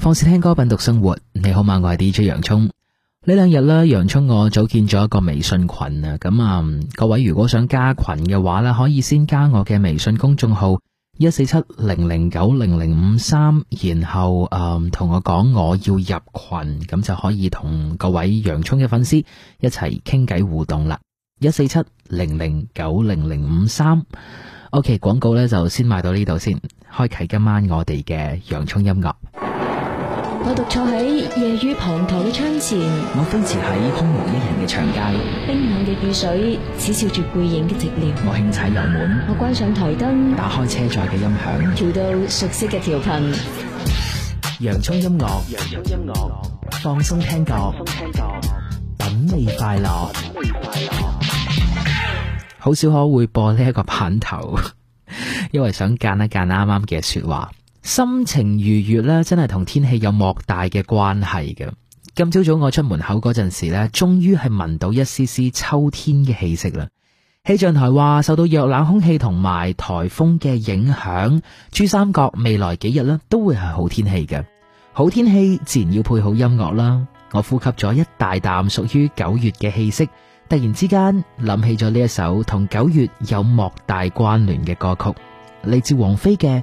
放肆聽歌，品讀生活。你好嗎？晚我係 DJ 洋蔥。呢兩日呢，洋蔥，我組建咗一個微信群啊。咁啊、呃，各位如果想加群嘅話呢，可以先加我嘅微信公眾號一四七零零九零零五三，53，然後同、呃、我講我要入群，咁就可以同各位洋蔥嘅粉絲一齊傾偈互動啦。一四七零零九零零五三。OK，廣告呢就先賣到呢度先，開啟今晚我哋嘅洋蔥音樂。我獨坐喺夜雨滂沱嘅窗前，我飛馳喺空無一人嘅長街，冰冷嘅雨水只笑住背影嘅寂寥。我輕踩油門，我關上台燈，打開車載嘅音響，調到熟悉嘅調頻，洋蔥音樂，洋蔥音樂，放鬆聽覺，放鬆聽覺，品味快樂，品味快樂。好少可會播呢一個棒頭， 因為想揀一揀啱啱嘅說話。心情愉悦咧，真係同天氣有莫大嘅關係嘅。今朝早,早我出門口嗰陣時咧，終於係聞到一絲絲秋天嘅氣息啦。氣象台話受到弱冷空氣同埋台風嘅影響，珠三角未來幾日咧都會係好天氣嘅。好天氣自然要配好音樂啦。我呼吸咗一大啖屬於九月嘅氣息，突然之間諗起咗呢一首同九月有莫大關聯嘅歌曲，嚟自王菲嘅。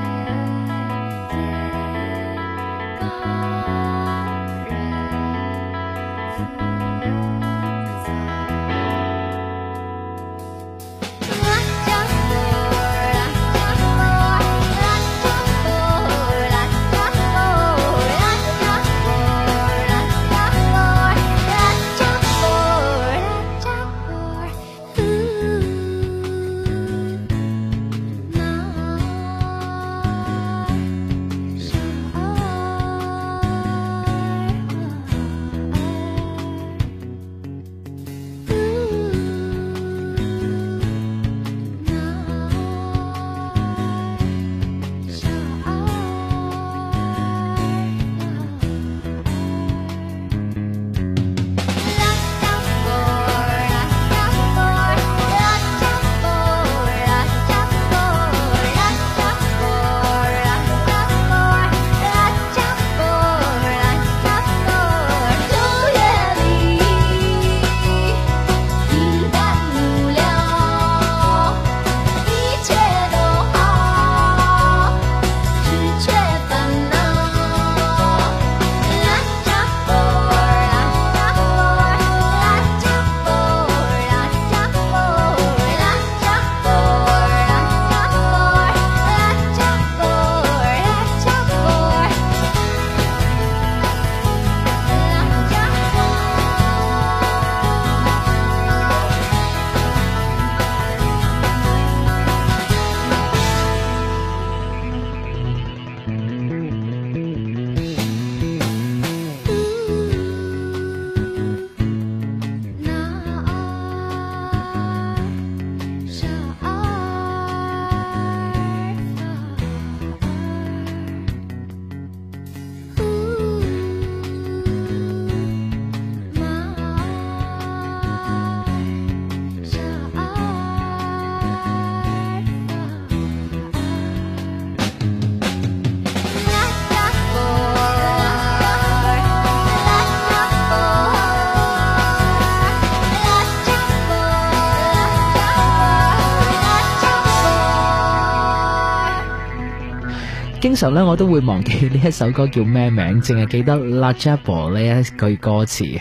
通常咧，我都會忘記呢一首歌叫咩名，淨係記得《Lajable》呢一句歌詞，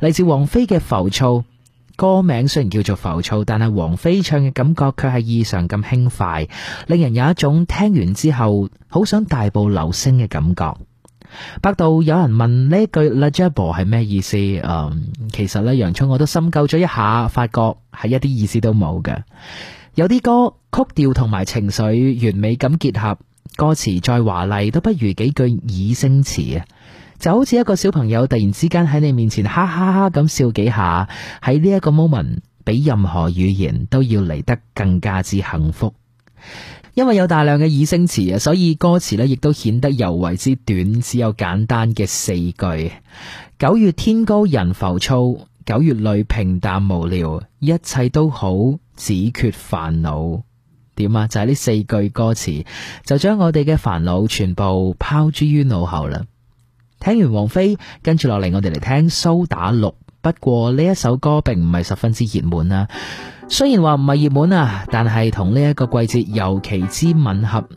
嚟自王菲嘅《浮躁》。歌名雖然叫做《浮躁》，但係王菲唱嘅感覺卻係異常咁輕快，令人有一種聽完之後好想大步流星嘅感覺。百度有人問呢句《Lajable》係咩意思？誒、嗯，其實咧，洋葱我都深究咗一下，發覺係一啲意思都冇嘅。有啲歌曲，曲調同埋情緒完美咁結合。歌詞再華麗都不如幾句擬聲詞啊！就好似一個小朋友突然之間喺你面前哈哈哈咁笑幾下，喺呢一個 moment 比任何語言都要嚟得更加之幸福。因為有大量嘅擬聲詞啊，所以歌詞呢亦都顯得尤為之短，只有簡單嘅四句：九月天高人浮躁，九月裏平淡無聊，一切都好，只缺煩惱。點啊！就係呢四句歌詞，就將我哋嘅煩惱全部拋諸於腦後啦。聽完王菲，跟住落嚟，我哋嚟聽蘇打綠。不過呢一首歌並唔係十分之熱門啊。雖然話唔係熱門啊，但係同呢一個季節尤其之吻合。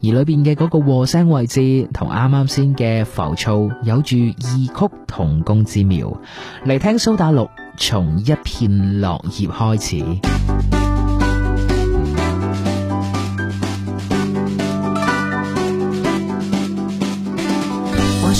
而裏邊嘅嗰個和聲位置同啱啱先嘅浮躁有住異曲同工之妙。嚟聽蘇打綠，從一片落葉開始。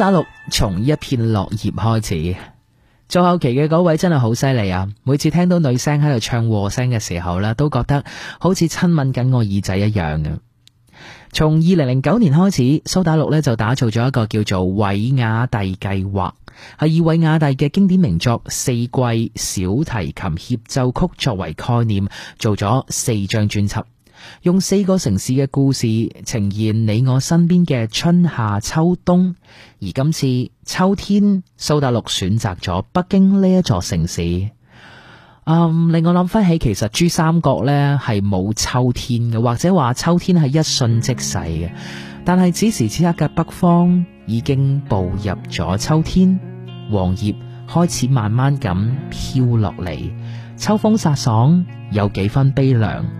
蘇打綠從一片落葉開始，做後期嘅嗰位真係好犀利啊！每次聽到女聲喺度唱和聲嘅時候呢，都覺得好似親吻緊我耳仔一樣嘅。從二零零九年開始，蘇打綠呢就打造咗一個叫做韋瓦第計劃，係以韋瓦第嘅經典名作《四季小提琴協奏曲》作為概念，做咗四張專輯。用四個城市嘅故事呈現你我身邊嘅春夏秋冬，而今次秋天，蘇打綠選擇咗北京呢一座城市。嗯，令我諗翻起，其實珠三角呢係冇秋天嘅，或者話秋天係一瞬即逝嘅。但係此時此刻嘅北方已經步入咗秋天，黃葉開始慢慢咁飄落嚟，秋風颯爽，有幾分悲涼。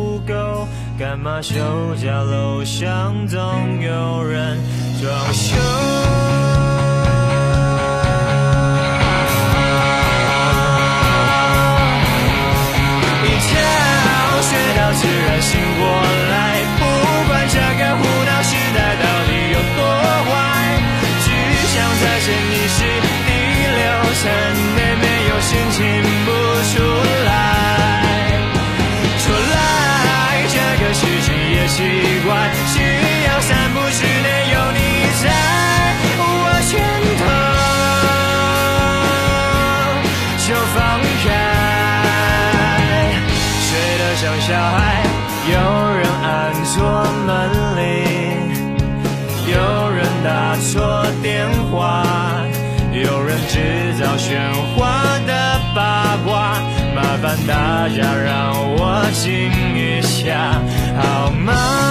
幹嘛？休假，樓上總有人裝修。玄幻的八卦，麻煩大家讓我靜一下，好嗎？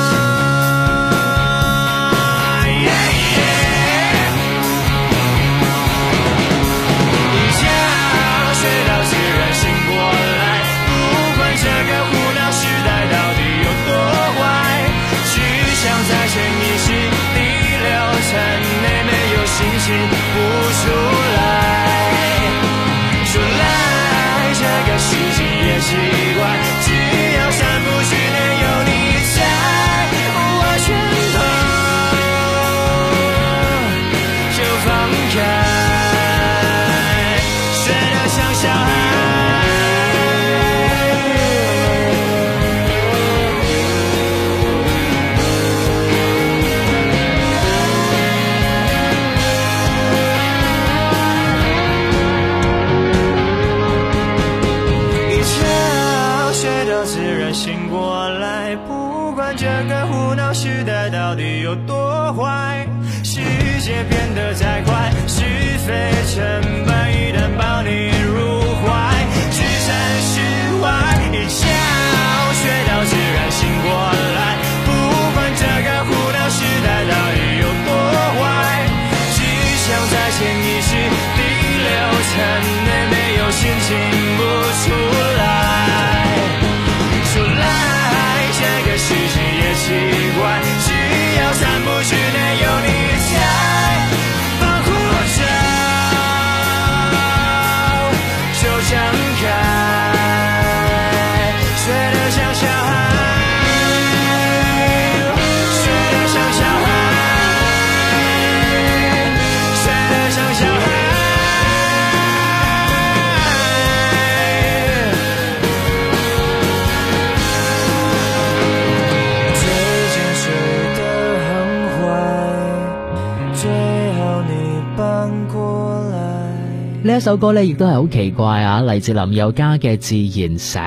首歌呢亦都係好奇怪啊！嚟自林宥嘉嘅《自然醒》，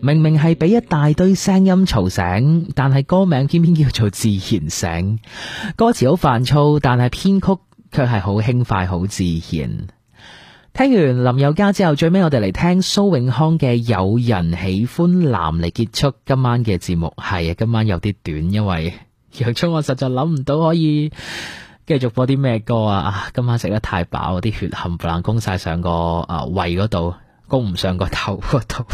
明明係俾一大堆聲音嘈醒，但係歌名偏偏叫做《自然醒》。歌詞好煩躁，但係編曲卻係好輕快、好自然。聽完林宥嘉之後，最尾我哋嚟聽蘇永康嘅《有人喜歡藍》嚟結束今晚嘅節目。係啊，今晚有啲短，因為楊聰我實在諗唔到可以。繼續播啲咩歌啊，啊？今晚食得太飽，啲血冚唪唥供晒上個啊胃嗰度，供唔上個頭嗰度。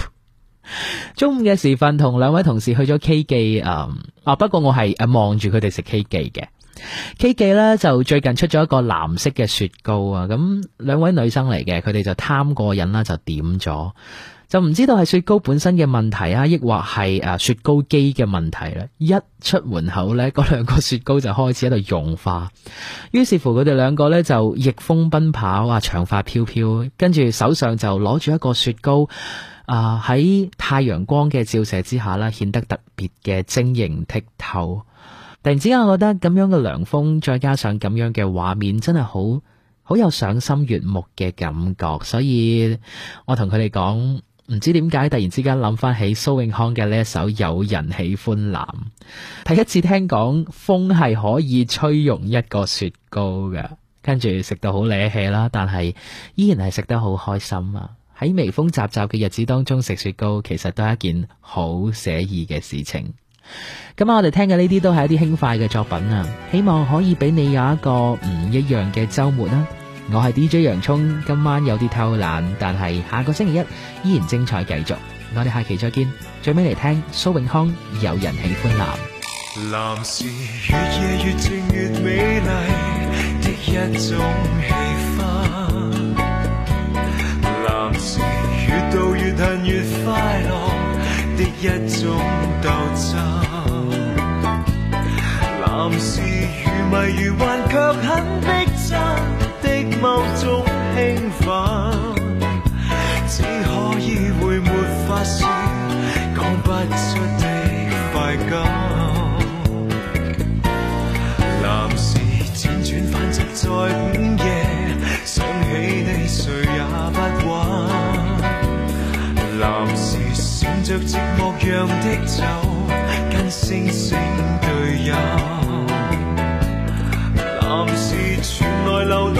中午嘅時分，同兩位同事去咗 K 記、嗯、啊，啊不過我係望住佢哋食 K 記嘅 K 記呢，就最近出咗一個藍色嘅雪糕啊。咁兩位女生嚟嘅，佢哋就貪過癮啦，就點咗。就唔知道係雪糕本身嘅問題啊，抑或係誒雪糕機嘅問題咧？一出門口呢，嗰兩個雪糕就開始喺度融化。於是乎，佢哋兩個呢就逆風奔跑，啊長髮飄飄，跟住手上就攞住一個雪糕，啊、呃、喺太陽光嘅照射之下啦，顯得特別嘅晶瑩剔透。突然之間，我覺得咁樣嘅涼風，再加上咁樣嘅畫面，真係好好有賞心悅目嘅感覺。所以我同佢哋講。唔知點解突然之間諗翻起蘇永康嘅呢一首有人喜歡藍，第一次聽講風係可以吹融一個雪糕嘅，跟住食到好瀨氣啦，但係依然係食得好開心啊！喺微風習習嘅日子當中食雪糕，其實都係一件好寫意嘅事情。咁啊，我哋聽嘅呢啲都係一啲輕快嘅作品啊，希望可以俾你有一個唔一樣嘅周末啦、啊。我係 DJ 洋葱，今晚有啲偷懶，但係下個星期一依然精彩繼續，我哋下期再見，最尾嚟聽蘇永康《有人喜歡藍》。藍是越夜越靜越美麗的一種氣氛，藍是越到越近越快樂的一種鬥爭，藍是如迷如幻卻很逼真，某種興奮，只可意會，沒法說，講不出的快感。男士輾轉反側在午夜，想起你誰也不挽。男士閃着寂寞樣的酒，跟星星對飲。男士傳來流，流